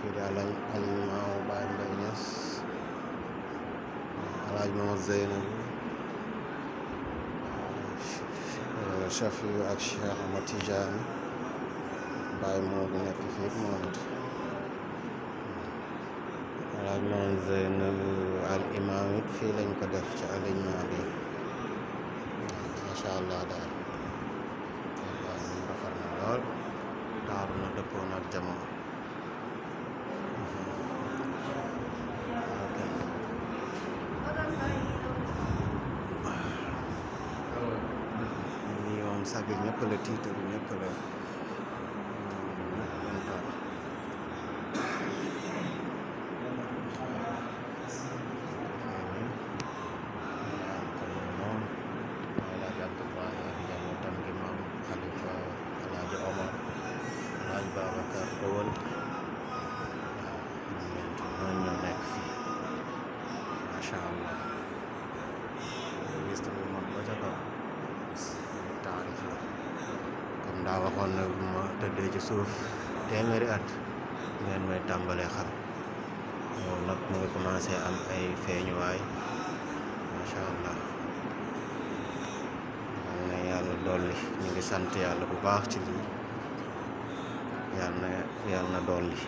Seydi Alaaji Aliou Maamu Baay Mbay Ñas Alaaji Mama Zeynab Chafiyu ak Cheikh Ahmad Tijaani moo gi nekk fii moom it al imaam it fii lañ ko def ci alignement bi macha allah daal taaru na dëppoon sagar ñëpp la tiitaru ñëpp la Masya Allah. Ini ndax waxoon na bu ma tëddee ci suuf téeméeri at ngeen may tàmbalee xam moom nag mu ngi commencé am ay feeñuwaay macha allah am na yàlla dolli mu ngi sant yàlla bu baax ci lii yàlla na yàlla na dolli